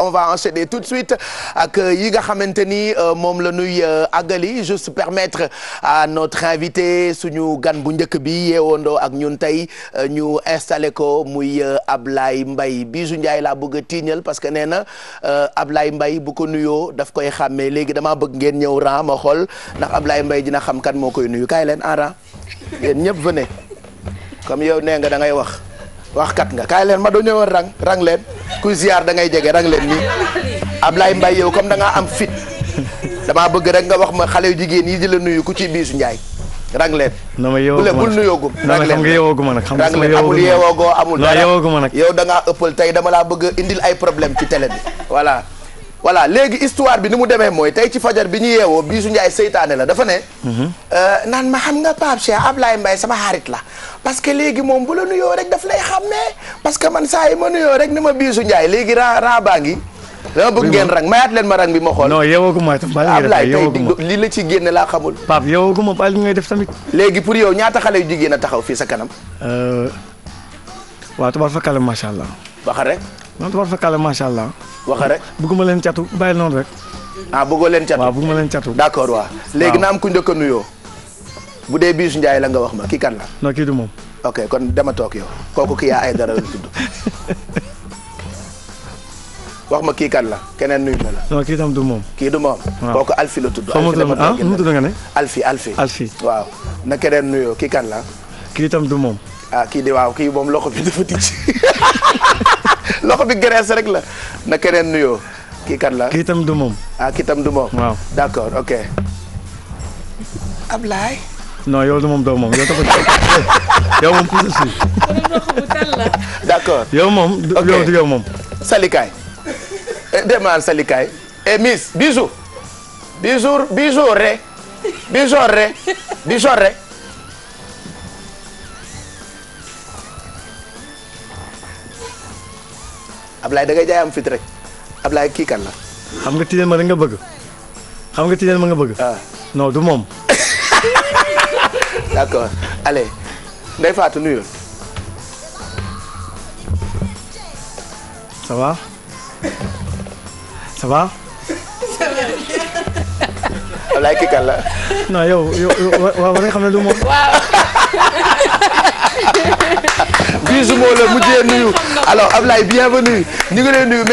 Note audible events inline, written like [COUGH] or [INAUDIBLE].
on va enchaîner tout de suite ak euh, yi nga xamante ni euh, moom la nuy euh, àggali juste permettre à notre invité suñu gan bu njëkk bi yeewandoo ak ñun tey ñu installé ko muy Ablaye mbay bi Ndiaye laa bëgg a tiiñal parce que nee na Ablaye Mbaye bu ko nuyoo daf koy xàmmee léegi damaa bëgg ngeen ñëw ran ma xool ndax Ablaye mbay dina xam kan moo koy nuyu kaay leen en ran yéen ñëpp venez comme yow nee nga da wax. waxkat nga kaay leen ma dañoo woon rang rang leen kuy ziar da ngay jege rang leen nii Ablaye mbay yow comme da ngaa am fit damaa bëgg rek nga wax ma xale yu jigéen yi di la nuyu ku ci biisu Ndiaye rang leen. na ma yeewoo bul nuyoogum. rang leen nag xam nga rang leen amul yeewoogoo amul. dara yow da ngaa ëppal tey dama laa bëgg indil ay problème ci tele bi voilà. voilà léegi histoire bi ni mu demee mooy tey ci fajar bi ñu yeewoo bii su Njaay seytaane la dafa ne. Mhm. Euh, naan ma xam nga Pape Cheikh Ablaye mbay sama xarit la. parce que léegi moom bu la nuyoo rek daf lay xàmmee parce que man saa yi ma nuyoo rek ni ma biisu su Njaay léegi raa raa baa ngi. dama bëgg ngeen rang mayaat leen ma rang bi ma xool. non yeewoo ko ma Ablaye tey lii la ci génne laa xamul. Pape yeewoo ko ma Pape li ngay def tamit. léegi pour yow ñaata xale yu jigéen a taxaw fii sa kanam. Euh, waaw tubaar fa kàlla macha rek. non tubaar macha allah waxa rek bëgguma leen catu bàyyi noonu rek. ah bëggoo leen catu waaw bëgguma leen catu. d' accord léegi na am ku njëkk nuyoo. bu dee Bijou Ndiaye la nga wax ma kii kan la. non kii du moom. ok dama toog yow kooku kii ay dara la tudd. [LAUGHS] wax kii kan la keneen nuyu ma la. non kii tam du moom. kii du moom. kooku Alfi la tudd. Alfi dama toog ah, nga ne. Alfi Alfi Alfi. waaw na keneen nuyoo kii kan la. kii tam du moom. Ah, kii di waaw kii moom loxo bi dafa tijji. [LAUGHS] [LAUGHS] loxo bi graisse rek la na keneen nuyoo kii kan la kii tam du moom. ah kii tam du moom. waaw d' accord ok. Ablaye. non yow du moom doo moom yow dafa [LAUGHS] yow moom puudar si. d' accord yow moom. ok yow du yow moom. Salikaay. Eh, demal Salikaay. et eh, Miss. bisou. bisou bisou re. bisou re. bisou re. Ablaye da ngay jaay am fit rek Ablaye kii kan la. xam nga Tijane ma rek nga bëgg xam nga du moom. d' accord allez Ndeye Fatou nuyul. ça va ça va. Ablaye la. non yow yow war nga xam ne du moom. Bijou moo la mujjee nuyu alors Ablaye bienvenue ñu